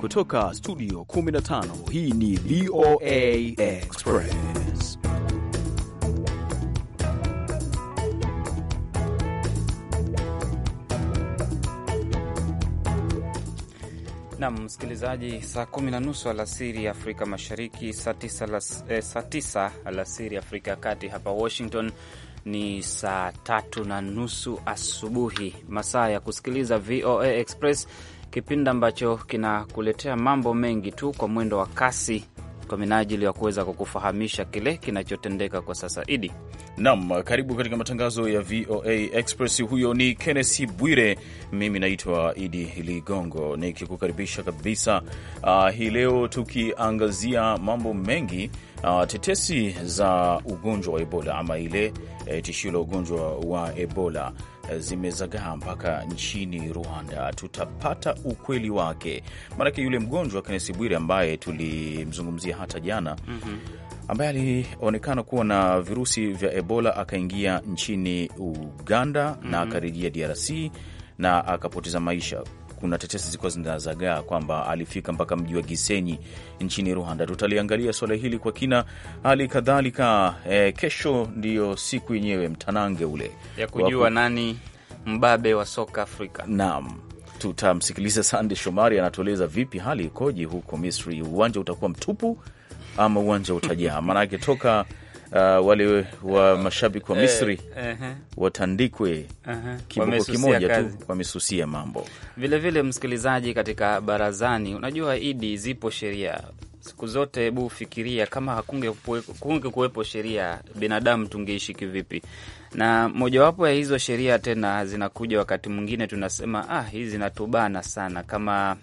Kutoka studio 15 hii ni VOA Express. Nam msikilizaji, saa kumi na nusu alasiri Afrika Mashariki, eh, saa tisa alasiri Afrika ya Kati. Hapa Washington ni saa tatu na nusu asubuhi, masaa ya kusikiliza VOA Express kipindi ambacho kinakuletea mambo mengi tu kwa mwendo wa kasi kwa minajili ya kuweza kukufahamisha kile kinachotendeka kwa sasa. Idi nam, karibu katika matangazo ya VOA Express. Huyo ni Kennesi Bwire, mimi naitwa Idi Ligongo nikikukaribisha kabisa uh, hii leo tukiangazia mambo mengi uh, tetesi za ugonjwa wa Ebola ama ile eh, tishio la ugonjwa wa Ebola zimezagaa mpaka nchini Rwanda. Tutapata ukweli wake, maanake yule mgonjwa Kenesi Bwire ambaye tulimzungumzia hata jana mm -hmm ambaye alionekana kuwa na virusi vya Ebola akaingia nchini Uganda mm -hmm. na mm-hmm. akarejea DRC na akapoteza maisha kuna tetesi zilikuwa zinazagaa kwamba alifika mpaka mji wa Gisenyi nchini Rwanda. Tutaliangalia suala hili kwa kina. Hali kadhalika e, kesho ndiyo siku yenyewe mtanange ule ya kujua Waku... nani mbabe wa soka Afrika. Naam, tutamsikiliza Sande Shomari anatueleza vipi hali ikoje huko Misri. Uwanja utakuwa mtupu ama uwanja utajaa? Maanake toka uh, wale wa mashabiki wa eh, Misri eh, eh, watandikwe eh, uh-huh. kibuko kimoja tu, wamesusia mambo. Vilevile msikilizaji, katika barazani, unajua Idi, zipo sheria siku zote. Hebu fikiria kama hakunge kuwepo sheria, binadamu tungeishi kivipi? Na mojawapo ya hizo sheria tena zinakuja wakati mwingine tunasema ah, hizi zinatubana sana kama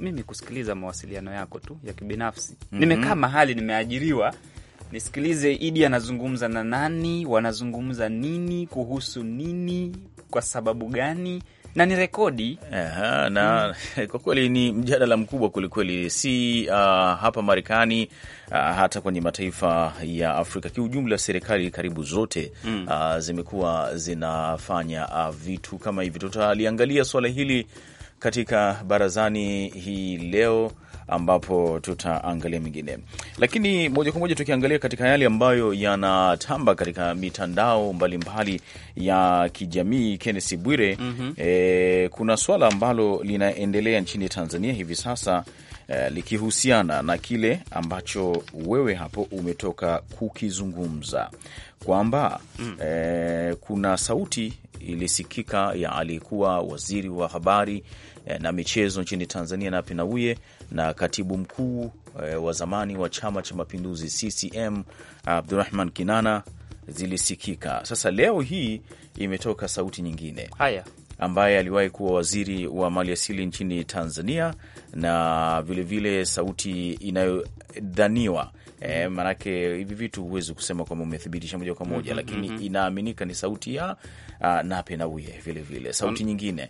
mimi kusikiliza mawasiliano yako tu ya kibinafsi. mm -hmm. Nimekaa mhm. mahali nimeajiriwa Nisikilize, Idi anazungumza na nani, wanazungumza nini, kuhusu nini, kwa sababu gani? na ni rekodi Aha, na mm. Kwa kweli ni mjadala mkubwa kwelikweli, si uh, hapa Marekani uh, hata kwenye mataifa ya Afrika kiujumla, serikali karibu zote mm. uh, zimekuwa zinafanya uh, vitu kama hivi. Tutaliangalia suala hili katika barazani hii leo ambapo tutaangalia mengine, lakini moja kwa moja tukiangalia katika yale ambayo yanatamba katika mitandao mbalimbali mbali ya kijamii, Kennesi Bwire, mm -hmm. E, kuna swala ambalo linaendelea nchini Tanzania hivi sasa e, likihusiana na kile ambacho wewe hapo umetoka kukizungumza kwamba mm. E, kuna sauti ilisikika ya aliyekuwa waziri wa habari eh, na michezo nchini Tanzania Nape Nnauye na katibu mkuu eh, wa zamani wa Chama cha Mapinduzi CCM Abdurahman Kinana zilisikika. Sasa leo hii imetoka sauti nyingine haya ambaye aliwahi kuwa waziri wa maliasili nchini Tanzania na vilevile vile sauti inayodhaniwa eh, maanake mm-hmm. hivi vitu huwezi kusema kwamba umethibitisha moja kwa moja, mm-hmm. lakini mm-hmm. inaaminika ni sauti ya uh, Nape Nnauye, vilevile sauti nyingine,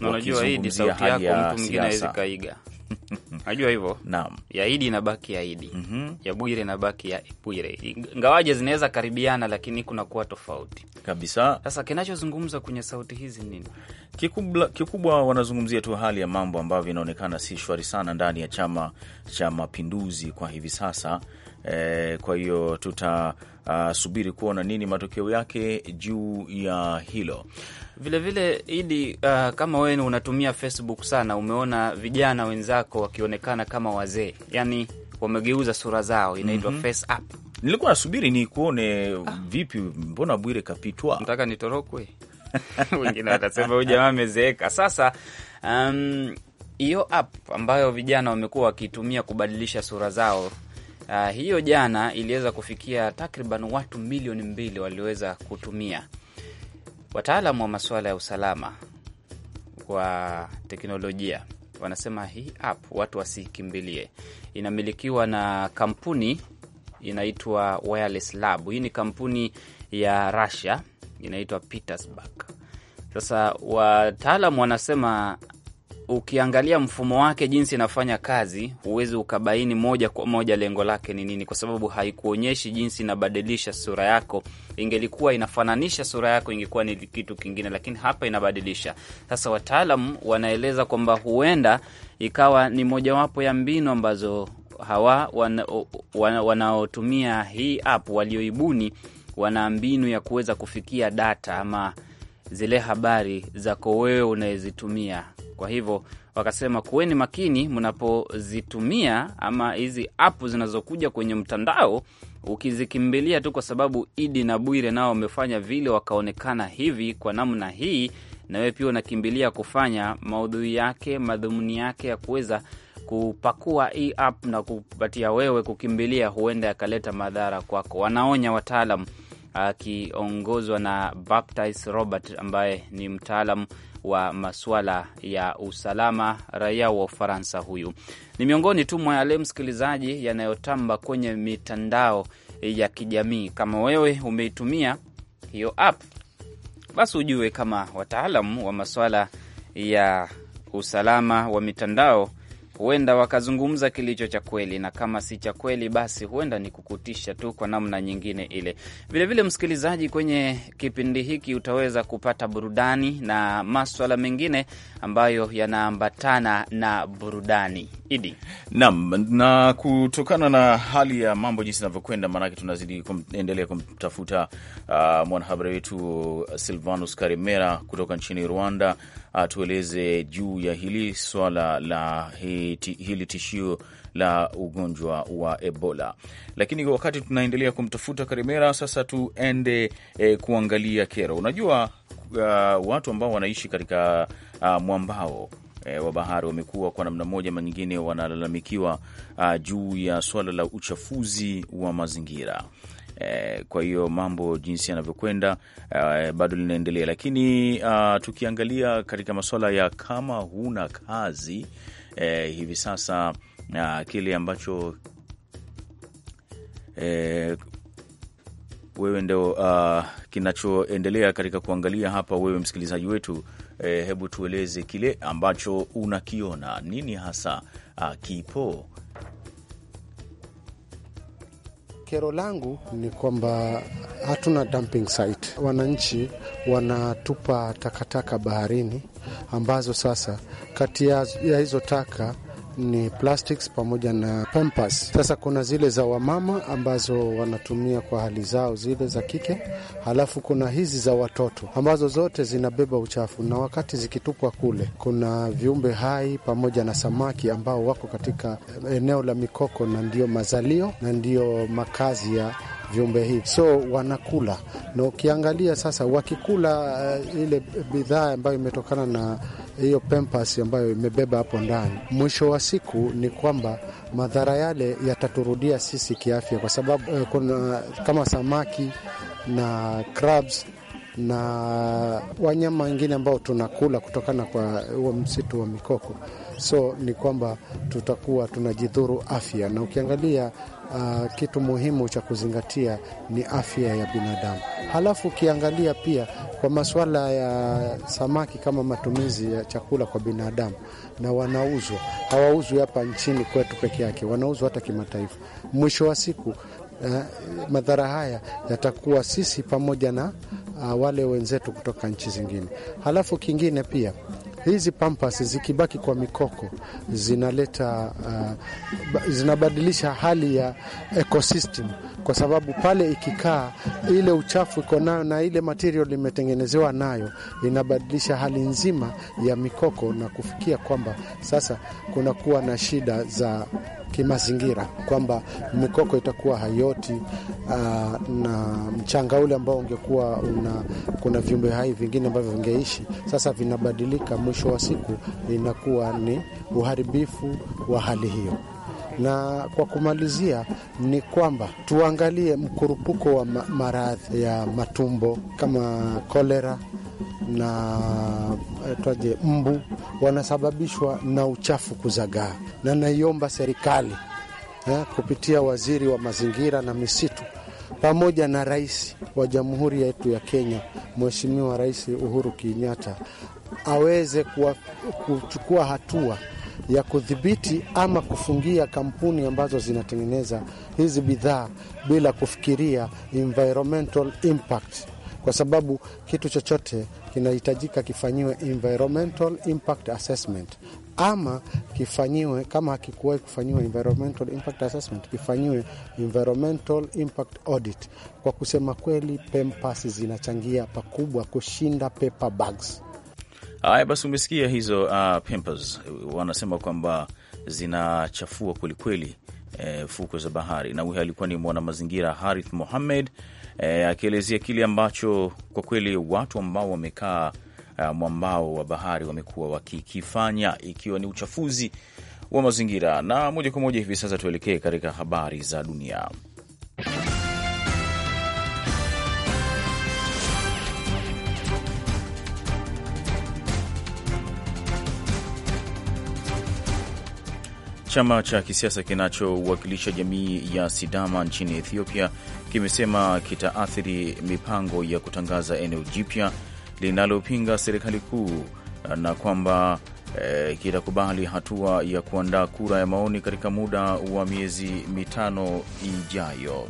unajua hii ni sauti yako, mtu mwingine hawezi kaiga Najua hivyo naam, yaidi inabaki yaidi mm -hmm. ya Bwire inabaki ya Bwire, ngawaje zinaweza karibiana, lakini kuna kuwa tofauti kabisa. Sasa kinachozungumza kwenye sauti hizi nini kikubwa? Kikubwa wanazungumzia tu hali ya mambo ambavyo inaonekana si shwari sana ndani ya Chama cha Mapinduzi kwa hivi sasa E, kwa hiyo tutasubiri kuona nini matokeo yake juu ya hilo. Vilevile vile, Idi, uh, kama wewe unatumia Facebook sana, umeona vijana wenzako wakionekana kama wazee, yani wamegeuza sura zao, inaitwa mm -hmm. face up. Nilikuwa nasubiri ni kuone ah, vipi, mbona Bwire kapitwa, nataka nitorokwe wengine watasema huyu jamaa amezeeka sasa. Um, app ambayo vijana wamekuwa wakitumia kubadilisha sura zao Uh, hiyo jana iliweza kufikia takriban watu milioni mbili walioweza kutumia. Wataalamu wa masuala ya usalama wa teknolojia wanasema hii app watu wasikimbilie. Inamilikiwa na kampuni inaitwa Wireless Lab. Hii ni kampuni ya Russia inaitwa Petersburg. Sasa wataalamu wanasema ukiangalia mfumo wake jinsi inafanya kazi, huwezi ukabaini moja kwa moja lengo lake ni nini, kwa sababu haikuonyeshi jinsi inabadilisha sura yako. Ingelikuwa inafananisha sura yako, ingekuwa ni kitu kingine, lakini hapa inabadilisha. Sasa wataalam wanaeleza kwamba huenda ikawa ni mojawapo ya mbinu ambazo hawa wanaotumia wana, wana hii app walioibuni wana mbinu ya kuweza kufikia data ama zile habari zako wewe unayezitumia kwa hivyo wakasema kuweni makini mnapozitumia ama hizi apu zinazokuja kwenye mtandao, ukizikimbilia tu kwa sababu Idi na Bwire nao wamefanya vile wakaonekana hivi kwa namna hii, na wewe pia unakimbilia kufanya maudhui yake, madhumuni yake ya kuweza kupakua hii app na kupatia wewe kukimbilia, huenda yakaleta madhara kwako, wanaonya wataalam akiongozwa na Baptist Robert ambaye ni mtaalam wa masuala ya usalama raia wa Ufaransa. Huyu ni miongoni tu mwa yale msikilizaji, yanayotamba kwenye mitandao ya kijamii. Kama wewe umeitumia hiyo app, basi ujue kama wataalam wa masuala ya usalama wa mitandao huenda wakazungumza kilicho cha kweli, na kama si cha kweli, basi huenda ni kukutisha tu kwa namna nyingine ile. Vilevile msikilizaji, kwenye kipindi hiki utaweza kupata burudani na maswala mengine ambayo yanaambatana na burudani idi nam na kutokana na hali ya mambo jinsi inavyokwenda, maanake tunazidi kuendelea kumtafuta uh, mwanahabari wetu Silvanus Karimera kutoka nchini Rwanda atueleze juu ya hili swala la hili tishio la ugonjwa wa Ebola. Lakini wakati tunaendelea kumtafuta Karimera, sasa tuende e, kuangalia kero. Unajua uh, watu ambao wanaishi katika uh, mwambao E, wa bahari wamekuwa kwa namna moja ama nyingine wanalalamikiwa uh, juu ya swala la uchafuzi wa mazingira. Eh, kwa hiyo mambo jinsi yanavyokwenda eh, bado linaendelea, lakini uh, tukiangalia katika masuala ya kama huna kazi eh, hivi sasa uh, kile ambacho eh, wewe ndo uh, ah, kinachoendelea katika kuangalia hapa, wewe msikilizaji wetu eh, hebu tueleze kile ambacho unakiona nini hasa uh, kipo Kero langu ni kwamba hatuna dumping site. Wananchi wanatupa takataka baharini, ambazo sasa kati ya hizo taka ni plastics pamoja na pampers. Sasa kuna zile za wamama ambazo wanatumia kwa hali zao zile za kike, halafu kuna hizi za watoto ambazo zote zinabeba uchafu, na wakati zikitupwa kule, kuna viumbe hai pamoja na samaki ambao wako katika eneo la mikoko, na ndio mazalio na ndiyo makazi ya viumbe hivi, so wanakula na ukiangalia sasa, wakikula uh, ile bidhaa ambayo imetokana na hiyo pempas ambayo imebeba hapo ndani, mwisho wa siku ni kwamba madhara yale yataturudia sisi kiafya, kwa sababu uh, kuna kama samaki na crabs na wanyama wengine ambao tunakula kutokana kwa huo msitu wa mikoko. So ni kwamba tutakuwa tunajidhuru afya, na ukiangalia uh, kitu muhimu cha kuzingatia ni afya ya binadamu. Halafu ukiangalia pia kwa masuala ya samaki kama matumizi ya chakula kwa binadamu, na wanauzwa, hawauzwi hapa nchini kwetu peke yake, wanauzwa hata kimataifa. Mwisho wa siku Uh, madhara haya yatakuwa sisi pamoja na uh, wale wenzetu kutoka nchi zingine. Halafu kingine pia hizi pampas zikibaki kwa mikoko zinaleta uh, zinabadilisha hali ya ecosystem, kwa sababu pale ikikaa ile uchafu iko nayo na ile material imetengenezewa nayo inabadilisha hali nzima ya mikoko na kufikia kwamba sasa kunakuwa na shida za kimazingira, kwamba mikoko itakuwa haioti uh, na mchanga ule ambao ungekuwa una, kuna viumbe hai vingine ambavyo vingeishi sasa vinabadilika. Mwisho wa siku inakuwa ni uharibifu wa hali hiyo na kwa kumalizia ni kwamba tuangalie mkurupuko wa maradhi ya matumbo kama kolera na twaje mbu wanasababishwa na uchafu kuzagaa, na naiomba serikali eh, kupitia waziri wa mazingira na misitu pamoja na rais wa jamhuri yetu ya Kenya, Mheshimiwa Rais Uhuru Kenyatta aweze kuwa, kuchukua hatua ya kudhibiti ama kufungia kampuni ambazo zinatengeneza hizi bidhaa bila kufikiria environmental impact, kwa sababu kitu chochote kinahitajika kifanyiwe environmental impact assessment ama kifanyiwe kama hakikuwahi kufanyiwa environmental impact assessment, kifanyiwe environmental impact audit. Kwa kusema kweli, PEMPAS zinachangia pakubwa kushinda paper bags. Haya basi, umesikia hizo uh, PEMPAS wanasema kwamba zinachafua kwelikweli kweli e, fukwe za bahari. Na huyo alikuwa ni mwanamazingira Harith Mohamed e, eh, akielezea kile ambacho kwa kweli watu ambao wamekaa eh, mwambao wa bahari wamekuwa wakikifanya ikiwa ni uchafuzi wa mazingira. Na moja kwa moja hivi sasa tuelekee katika habari za dunia. Chama cha kisiasa kinachowakilisha jamii ya Sidama nchini Ethiopia kimesema kitaathiri mipango ya kutangaza eneo jipya linalopinga serikali kuu na kwamba eh, kitakubali hatua ya kuandaa kura ya maoni katika muda wa miezi mitano ijayo.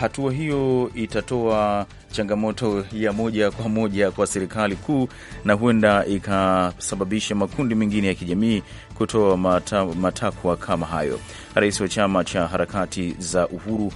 Hatua hiyo itatoa changamoto ya moja kwa moja kwa serikali kuu, na huenda ikasababisha makundi mengine ya kijamii kutoa mata, matakwa kama hayo. Rais wa chama cha harakati za uhuru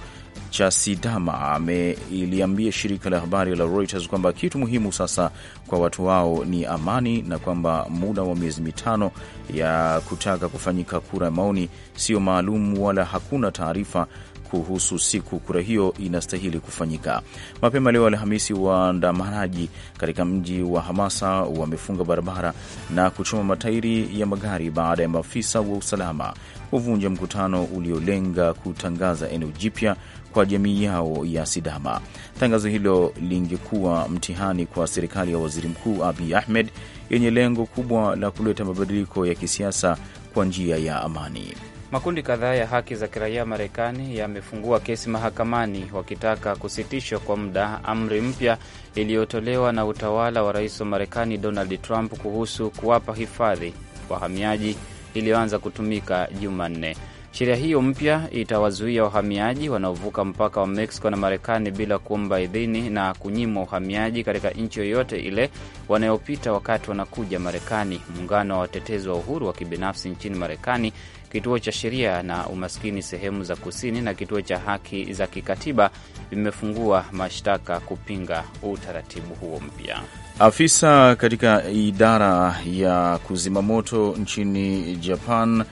cha Sidama ameliambia shirika la habari la Reuters kwamba kitu muhimu sasa kwa watu wao ni amani na kwamba muda wa miezi mitano ya kutaka kufanyika kura ya maoni sio maalum wala hakuna taarifa kuhusu siku kura hiyo inastahili kufanyika. Mapema leo Alhamisi, waandamanaji katika mji wa Hamasa wamefunga barabara na kuchoma matairi ya magari baada ya maafisa wa usalama kuvunja mkutano uliolenga kutangaza eneo jipya kwa jamii yao ya Sidama. Tangazo hilo lingekuwa mtihani kwa serikali ya Waziri Mkuu Abiy Ahmed yenye lengo kubwa la kuleta mabadiliko ya kisiasa kwa njia ya amani. Makundi kadhaa ya haki za kiraia Marekani yamefungua kesi mahakamani wakitaka kusitishwa kwa muda amri mpya iliyotolewa na utawala wa rais wa Marekani Donald Trump kuhusu kuwapa hifadhi wahamiaji iliyoanza kutumika Jumanne. Sheria hiyo mpya itawazuia wahamiaji wanaovuka mpaka wa Mexico na Marekani bila kuomba idhini na kunyimwa uhamiaji katika nchi yoyote ile wanayopita wakati wanakuja Marekani. Muungano wa watetezi wa uhuru wa kibinafsi nchini Marekani kituo cha sheria na umaskini sehemu za kusini na kituo cha haki za kikatiba vimefungua mashtaka kupinga utaratibu huo mpya. Afisa katika idara ya kuzima moto nchini Japan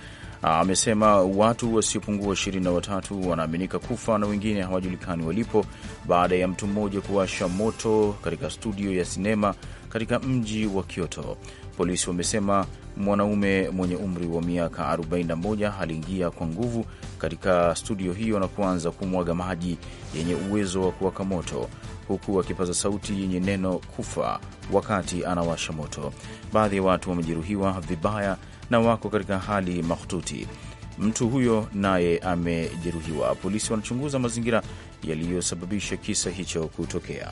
ah, amesema watu wasiopungua ishirini na watatu wanaaminika kufa na wengine hawajulikani walipo baada ya mtu mmoja kuwasha moto katika studio ya sinema katika mji wa Kyoto. Polisi wamesema mwanaume mwenye umri wa miaka 41 aliingia kwa nguvu katika studio hiyo na kuanza kumwaga maji yenye uwezo wa kuwaka moto huku akipaza sauti yenye neno kufa wakati anawasha moto. Baadhi ya watu wamejeruhiwa vibaya na wako katika hali mahututi. Mtu huyo naye amejeruhiwa. Polisi wanachunguza mazingira yaliyosababisha kisa hicho kutokea.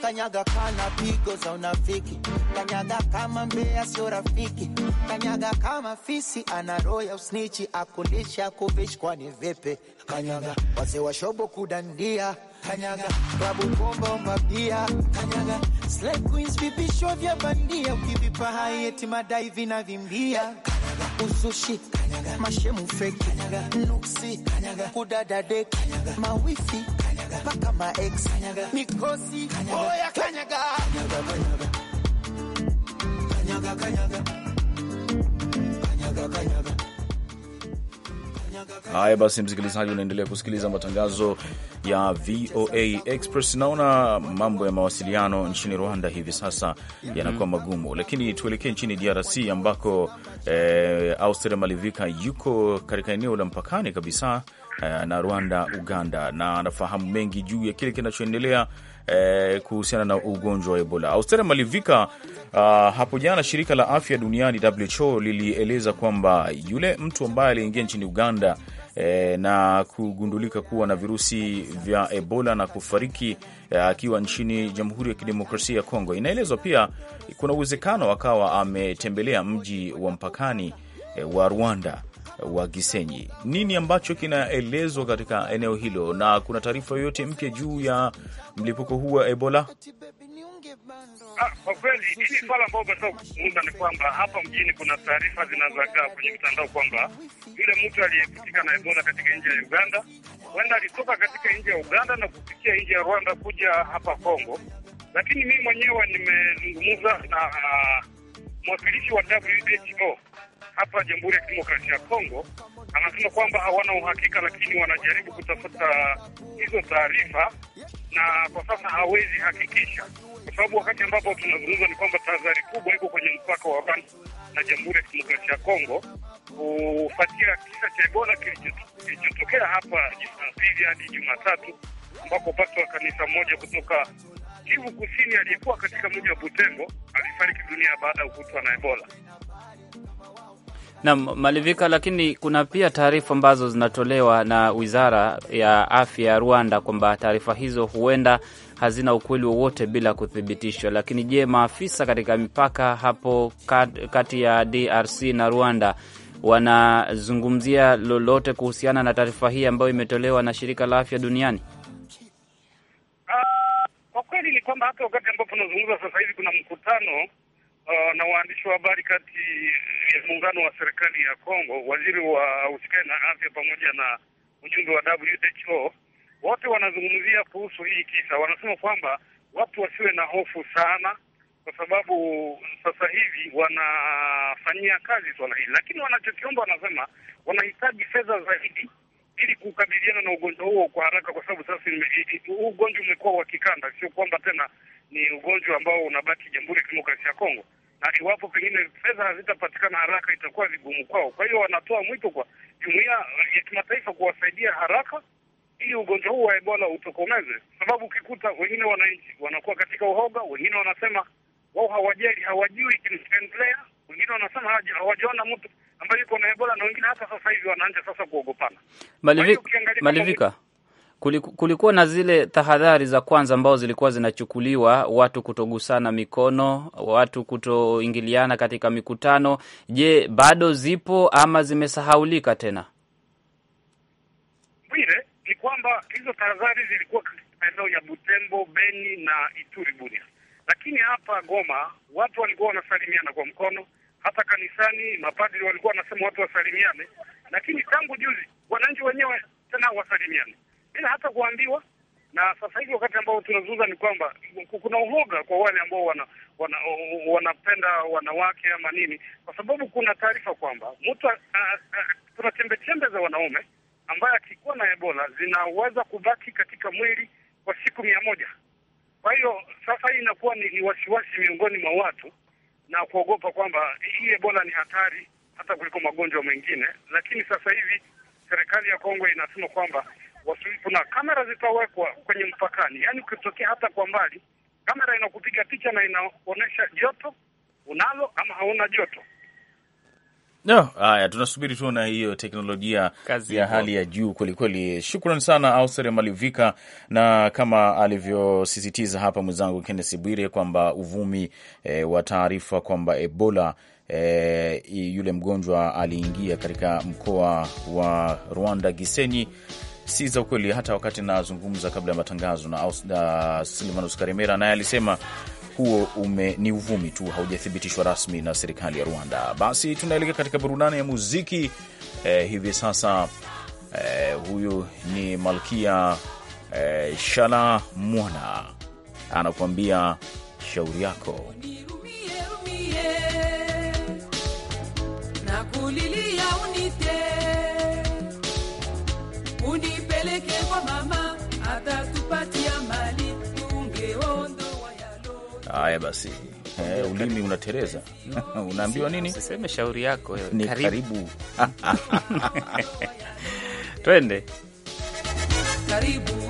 kanyaga kana pigo za unafiki, kanyaga kama mbea sio rafiki, kanyaga kama fisi ana roho ya usnichi, akundisha kuvishi kwani vipi? Kanyaga wazee wa shobo kudandia, kanyaga babu bomba umabia, kanyaga slay queens vipisho vya bandia, ukivipa hai madai vinavimbia uzushi kanyaga, mashemu feki kanyaga, nuksi kanyaga, kudada deki mawifi kanyaga paka ma ex kanyaga mikosi oya oh, kanyaga kanyaga kanyaga kanyaga kanyaga Haya basi, msikilizaji, unaendelea kusikiliza matangazo ya VOA Express. Naona mambo ya mawasiliano nchini Rwanda hivi sasa yanakuwa magumu, lakini tuelekee nchini DRC ambako eh, Auster Malivika yuko katika eneo la mpakani kabisa Eh, na Rwanda, Uganda, na anafahamu mengi juu ya kile kinachoendelea eh, kuhusiana na ugonjwa wa Ebola. Austera Malivika. Uh, hapo jana shirika la afya duniani WHO lilieleza kwamba yule mtu ambaye aliingia nchini Uganda eh, na kugundulika kuwa na virusi vya Ebola na kufariki eh, akiwa nchini Jamhuri ya Kidemokrasia ya Kongo, inaelezwa pia kuna uwezekano akawa ametembelea mji wa mpakani eh, wa Rwanda wa Gisenyi. Nini ambacho kinaelezwa katika eneo hilo, na kuna taarifa yoyote mpya juu ya mlipuko huu wa Ebola? Ah, kwa kweli hili swala ambao umetoka kuzungumza ni kwamba hapa mjini kuna taarifa zinazoagaa kwenye mitandao kwamba yule mtu aliyepitika na Ebola katika nchi ya Uganda huenda alitoka katika nchi ya Uganda na kupitia nchi ya Rwanda kuja hapa Kongo, lakini mimi mwenyewe nimezungumza na ah, mwakilishi wa WHO hapa Jamhuri ya Kidemokrasia ya Kongo. Anasema kwamba hawana uhakika, lakini wanajaribu kutafuta hizo taarifa, na kwa sasa hawezi hakikisha, kwa sababu wakati ambapo tunazungumza ni kwamba tahadhari kubwa iko kwenye mpaka wa Rwanda na Jamhuri ya Kidemokrasia ya Kongo kufuatia kisa cha Ebola kilichotokea hapa Jumapili hadi Jumatatu, ambapo pasto wa kanisa moja kutoka Kivu Kusini aliyekuwa katika mji wa Butembo alifariki dunia baada ya kukutwa na Ebola. Naam, Malivika, lakini kuna pia taarifa ambazo zinatolewa na Wizara ya Afya ya Rwanda kwamba taarifa hizo huenda hazina ukweli wowote bila kuthibitishwa. Lakini je, maafisa katika mipaka hapo kati ya DRC na Rwanda wanazungumzia lolote kuhusiana na taarifa hii ambayo imetolewa na Shirika la Afya Duniani? Ah, kwa kweli ni kwamba hata wakati ambapo unazungumza sasa hivi kuna mkutano uh, na waandishi wa habari kati ya muungano wa serikali ya Kongo, waziri wa usikani na afya pamoja na ujumbe wa WHO wote wanazungumzia kuhusu hii kisa. Wanasema kwamba watu wasiwe na hofu sana, kwa sababu sasa hivi wanafanyia kazi swala hili, lakini wanachokiomba, wanasema wanahitaji fedha zaidi ili kukabiliana na ugonjwa huo kwa haraka, kwa sababu sasa huu ugonjwa umekuwa wa kikanda, sio kwamba tena ni ugonjwa ambao unabaki Jamhuri ya Kidemokrasia ya Kongo, na iwapo pengine fedha hazitapatikana haraka itakuwa vigumu kwao. Kwa hiyo wanatoa mwito kwa jumuiya ya kimataifa kuwasaidia haraka ili ugonjwa huu wa Ebola utokomeze, sababu ukikuta wengine wananchi wanakuwa katika uhoga, wengine wanasema wao hawajali, hawajui kinachoendelea, wengine wanasema hawajaona mtu ambayo iko na Ebola na wengine hata sasa hivi wanaanza sasa kuogopana. Malivika, kuliku, kulikuwa na zile tahadhari za kwanza ambazo zilikuwa zinachukuliwa, watu kutogusana mikono, watu kutoingiliana katika mikutano. Je, bado zipo ama zimesahaulika tena? Bwire, ni kwamba hizo tahadhari zilikuwa katika eneo ya Butembo, Beni na Ituri, Bunia, lakini hapa Goma watu walikuwa wanasalimiana kwa mkono hata kanisani mapadri walikuwa wanasema watu wasalimiane, lakini tangu juzi wananchi wenyewe tena wasalimiane bila hata kuambiwa. Na sasa hivi wakati ambao tunazungumza ni kwamba kuna uhoga kwa wale ambao wana, wana, wanapenda wanawake ama nini, kwa sababu kuna taarifa kwamba mtu kuna chembe chembe za wanaume ambaye akikuwa na Ebola zinaweza kubaki katika mwili kwa siku mia moja. Kwa hiyo sasa hii inakuwa ni, ni wasiwasi miongoni mwa watu na kuogopa kwamba hii Ebola ni hatari hata kuliko magonjwa mengine. Lakini sasa hivi serikali ya Kongo inasema kwamba kuna kamera zitawekwa kwenye mpakani, yaani ukitokea hata kwa mbali, kamera inakupiga picha na inaonyesha joto unalo ama hauna joto. No, haya tunasubiri tuona hiyo teknolojia Kazi ya hali ya juu kwelikweli. Shukran sana Auser Malivika, na kama alivyosisitiza hapa mwenzangu Kennes Bwire kwamba uvumi e, wa taarifa kwamba Ebola e, yule mgonjwa aliingia katika mkoa wa Rwanda Gisenyi si za ukweli. Hata wakati nazungumza kabla ya matangazo na Silvanus Karimera naye alisema huo ume, ni uvumi tu, haujathibitishwa rasmi na serikali ya Rwanda. Basi tunaelekea katika burudani ya muziki eh, hivi sasa eh, huyu ni malkia eh, Shala Mwana anakuambia shauri yako. Haya basi, eh, ulimi unatereza unaambiwa nini? Siseme shauri yako eh, ni karibu. Twende karibu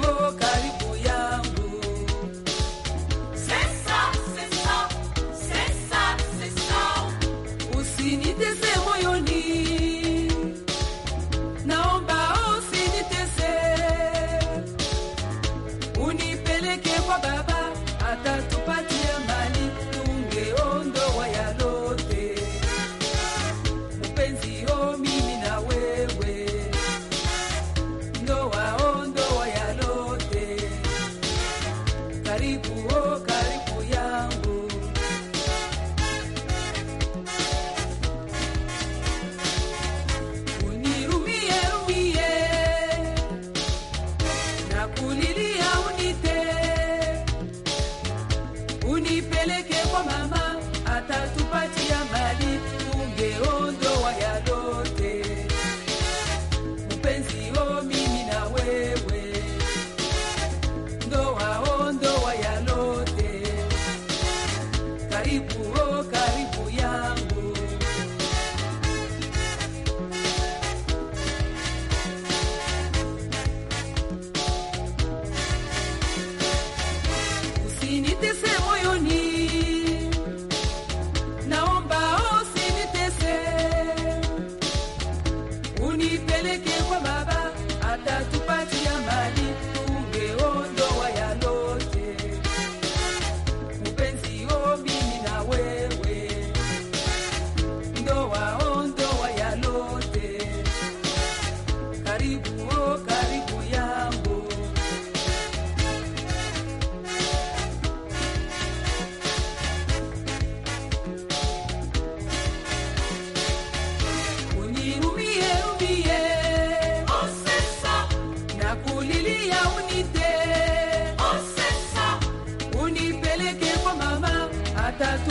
tupeleke kwa mama,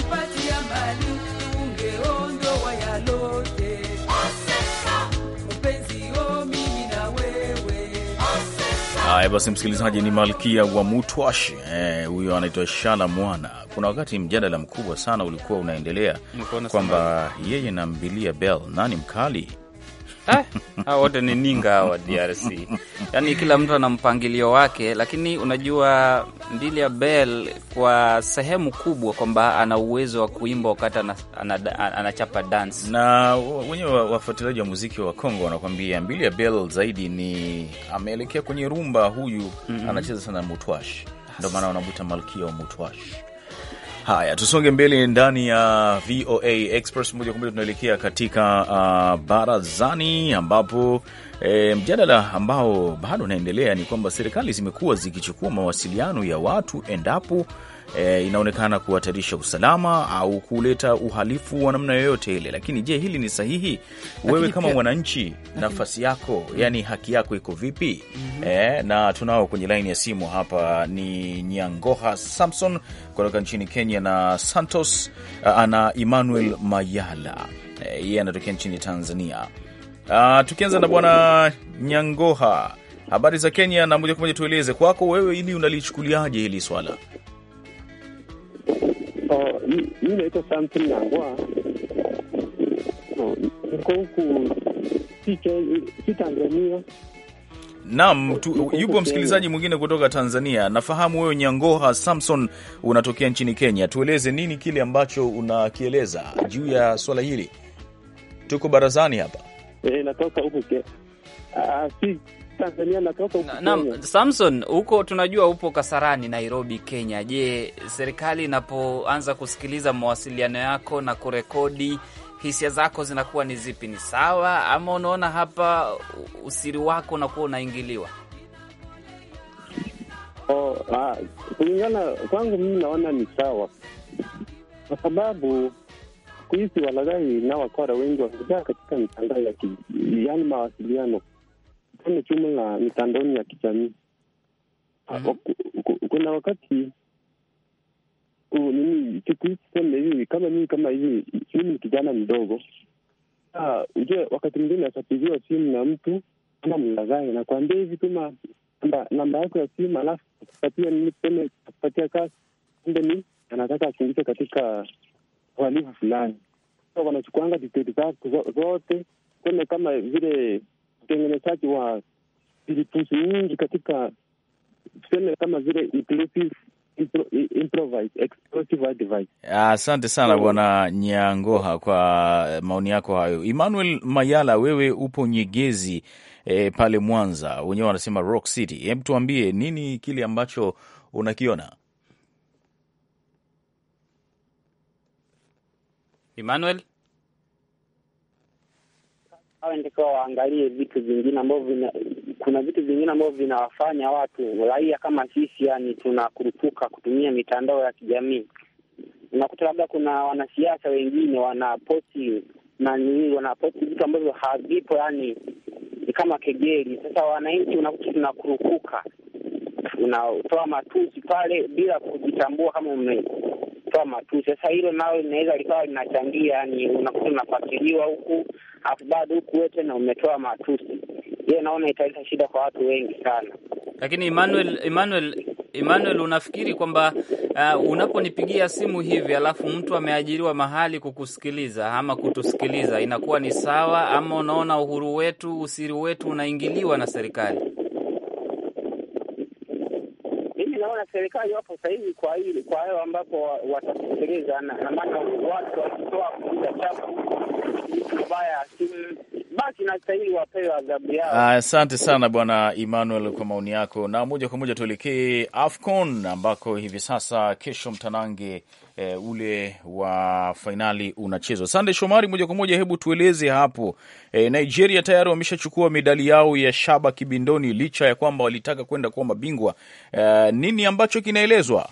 mali ungeondoa yalote. Oh, Haya basi, msikilizaji, ni Malkia wa Mutwashi eh, huyo eh, anaitwa Shala Mwana. Kuna wakati mjadala mkubwa sana ulikuwa unaendelea kwamba yeye na Mbilia Bel nani mkali Eh? ha, wote ni ninga wa DRC, yaani kila mtu ana mpangilio wake, lakini unajua mbili ya bel kwa sehemu kubwa kwamba ana uwezo wa kuimba wakati anachapa dance, na wenyewe wafuatiliaji wa muziki wa Kongo wanakwambia ya bel zaidi ni ameelekea kwenye rumba. Huyu mm -hmm. anacheza sana mutwash, ndomaana maana wanamuita malkia wa mutwash. Haya, tusonge mbele ndani ya VOA Express moja kwa moja, tunaelekea katika uh, barazani ambapo E, mjadala ambao bado unaendelea ni kwamba serikali zimekuwa zikichukua mawasiliano ya watu endapo e, inaonekana kuhatarisha usalama au kuleta uhalifu wa namna yoyote ile. Lakini je, hili ni sahihi? wewe kama mwananchi nafasi yako, mm-hmm. yani haki yako iko vipi? mm -hmm. E, na tunao kwenye laini ya simu hapa ni Nyangoha Samson kutoka nchini Kenya na Santos na Emmanuel Mayala, e, yeye anatokea nchini Tanzania. Uh, tukianza na bwana Nyangoha, habari za Kenya, na moja kwa moja tueleze kwako wewe, ili unalichukuliaje hili swala? Ah, mi naitwa Samson Nyangoha, ah, niko huku si Tanzania. Naam, yupo msikilizaji mwingine kutoka Tanzania. Nafahamu wewe Nyangoha Samson unatokea nchini Kenya. Tueleze nini kile ambacho unakieleza juu ya swala hili. Tuko barazani hapa. Eh, natoka huku ah, ah, si Tanzania, natoka huku Na, Samson, huko tunajua upo Kasarani, Nairobi, Kenya. Je, serikali inapoanza kusikiliza mawasiliano yako na kurekodi hisia zako zinakuwa ni zipi? Ni sawa ama unaona hapa usiri wako unakuwa unaingiliwa? Oh, ah, kulingana kwangu mimi naona ni sawa, kwa sababu siku walaghai na wakora wengi wamejaa katika mitandao ya yani mawasiliano, tuseme chuma la mitandaoni ya kijamii. mm-hmm. Kuna wakati nini, siku hizi hivi, kama mii kama hivi, mimi ni kijana mdogo, ujue ah, wakati mwingine atapigiwa simu na mtu ama mlaghai nakwambia hivi, tuma namba yako ya simu, alafu akupatia nini, tuseme akupatia kazi kumbe ni anataka afungishe katika uhalifu fulani, wanachukuanga detaili zote, tuseme kama vile utengenezaji wa vilipuzi nyingi katika tuseme kama vile Asante sana Bwana Nyangoha kwa eh, maoni yako hayo. Emmanuel Mayala, wewe upo Nyegezi e, pale Mwanza wenyewe wanasema Rock City. Hebu tuambie nini kile ambacho unakiona? Emmanuel, awe ndiko waangalie vitu vingine ambavyo kuna vitu vingine ambavyo vinawafanya watu raia kama sisi, yani tunakurupuka kutumia mitandao ya kijamii. Unakuta labda kuna wanasiasa wengine wanaposti na nini, wanaposti vitu ambavyo havipo, yani ni kama kejeli. Sasa wananchi unakuta tunakurupuka, unatoa matusi pale bila kujitambua kama ume kutoa tu. Sasa hilo nalo linaweza likawa linachangia, ni unakuta unafatiliwa huku afu bado huku wewe tena umetoa matusi. Hiyo naona italeta shida kwa watu wengi sana. Lakini Emmanuel, Emmanuel, Emmanuel, unafikiri kwamba uh, unaponipigia simu hivi alafu mtu ameajiriwa mahali kukusikiliza ama kutusikiliza inakuwa ni sawa, ama unaona uhuru wetu, usiri wetu unaingiliwa na serikali? serikali wapo sahizi kwa hili kwa hiyo ambapo watatekeleza, na maana watu wakitoa kuja chapu mbaya basi nastahili wapewe adhabu yao. Ah, asante sana Bwana Emmanuel kwa maoni yako, na moja kwa moja tuelekee AFCON ambako hivi sasa kesho mtanange e, ule wa fainali unachezwa. Sande Shomari, moja kwa moja, hebu tueleze hapo e, Nigeria tayari wameshachukua medali yao ya shaba kibindoni licha ya kwamba walitaka kwenda kuwa mabingwa. E, nini ambacho kinaelezwa?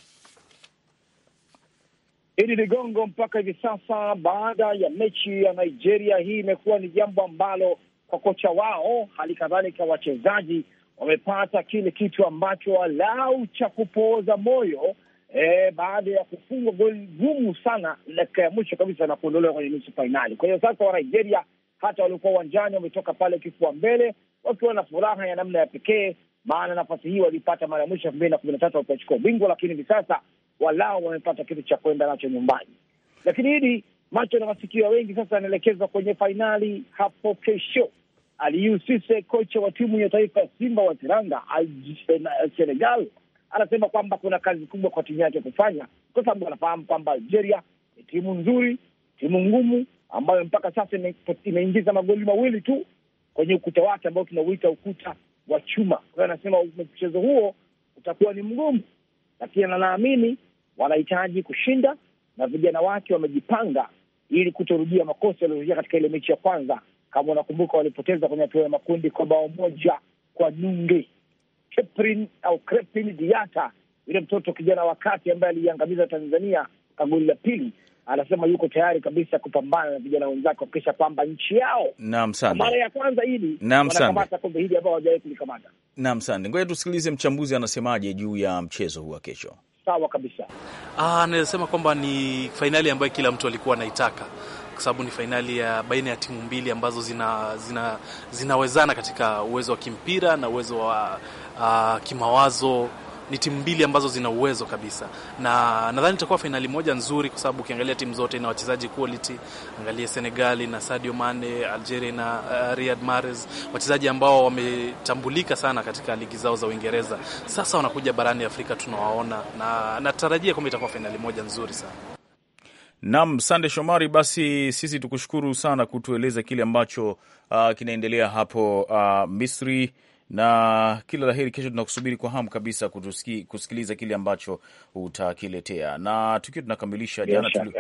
Idi Ligongo, mpaka hivi sasa baada ya mechi ya Nigeria, hii imekuwa ni jambo ambalo kwa kocha wao, hali kadhalika wachezaji wamepata kile kitu ambacho walau cha kupooza moyo e, baada ya kufungwa goli gumu sana dakika ya mwisho kabisa na kuondolewa kwenye nusu fainali. Kwa hiyo sasa wa Nigeria hata waliokuwa uwanjani wametoka pale kifua mbele wakiwa na furaha ya namna ya pekee, maana nafasi hii walipata mara ya mwisho elfu mbili na kumi na tatu wakiwachukua ubingwa, lakini hivi sasa walao wamepata kitu cha kwenda nacho nyumbani. Lakini hili macho na masikio ya wengi sasa yanaelekezwa kwenye fainali hapo kesho. aliusise kocha wa timu ya taifa ya Simba wa Teranga Senegal, anasema kwamba kuna kazi kubwa kwa timu yake kufanya, kwa sababu anafahamu kwamba Algeria ni timu nzuri, timu ngumu ambayo mpaka sasa imeingiza magoli mawili tu kwenye ukuta wake ambao tunauita ukuta wa chuma. Kwa hiyo anasema mchezo huo utakuwa ni mgumu, lakini nanaamini wanahitaji kushinda na vijana wake wamejipanga ili kutorudia makosa yaliyotokea katika ile mechi ya kwanza. Kama unakumbuka, walipoteza kwenye hatua ya makundi kwa bao moja kwa nunge. Keprin au Crepin Diata, yule mtoto kijana wa kati ambaye aliiangamiza Tanzania kwa goli la pili, anasema yuko tayari kabisa kupambana na vijana wenzake kuhakikisha kwamba nchi yao. Naam sana, mara ya kwanza hili wanakamata kombe hili ambao hawajawahi kulikamata. Naam sana, ngoja tusikilize mchambuzi anasemaje juu ya mchezo huu wa kesho. Sawa kabisa, ah, kwamba ni fainali ambayo kila mtu alikuwa anaitaka kwa sababu ni fainali ya baina ya timu mbili ambazo zina, zina, zinawezana katika uwezo wa kimpira na uwezo wa uh, kimawazo ni timu mbili ambazo zina uwezo kabisa, na nadhani itakuwa fainali moja nzuri, kwa sababu ukiangalia timu zote na wachezaji quality, angalie Senegali na Sadio Mane, Algeria na uh, Riyad Mahrez, wachezaji ambao wametambulika sana katika ligi zao za Uingereza. Sasa wanakuja barani Afrika tunawaona, na natarajia kwamba itakuwa fainali moja nzuri sana. Nam, sande Shomari. Basi sisi tukushukuru sana kutueleza kile ambacho uh, kinaendelea hapo uh, Misri na kila laheri. Kesho tunakusubiri kwa hamu kabisa kutusiki, kusikiliza kile ambacho utakiletea. Na tukiwa tunakamilisha, jana tuli,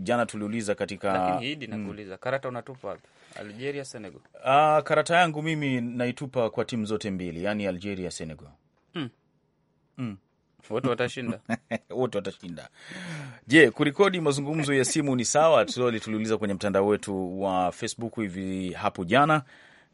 jana tuliuliza katika mm, karata unatupa wapi? Algeria, Senegal. Ah, karata yangu mimi naitupa kwa timu zote mbili, yani Algeria, Senegal mm. mm. Wote watashinda wote watashinda. Je, kurikodi mazungumzo ya simu ni sawa? Tuliuliza kwenye mtandao wetu wa Facebook hivi hapo jana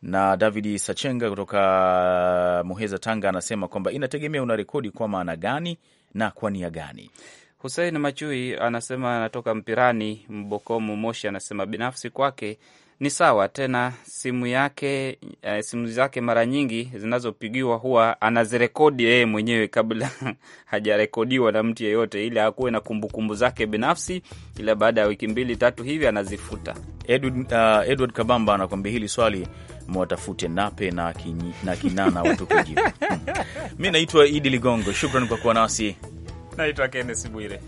na David Sachenga kutoka Muheza, Tanga, anasema kwamba inategemea una rekodi kwa maana gani na kwa nia gani. Husein Machui anasema anatoka Mpirani, Mbokomu, Moshi, anasema binafsi kwake ni sawa tena. Simu yake uh, simu zake mara nyingi zinazopigiwa huwa anazirekodi yeye mwenyewe kabla hajarekodiwa na mtu yeyote, ili akuwe na kumbukumbu zake binafsi, ila baada ya wiki mbili tatu hivi anazifuta. Edward, uh, Edward Kabamba anakwambia hili swali mwatafute Nape na, kinyi, na Kinana watupe jibu. Hmm. Mi naitwa Idi Ligongo, shukran kwa kuwa nasi. Naitwa Kennes Bwire.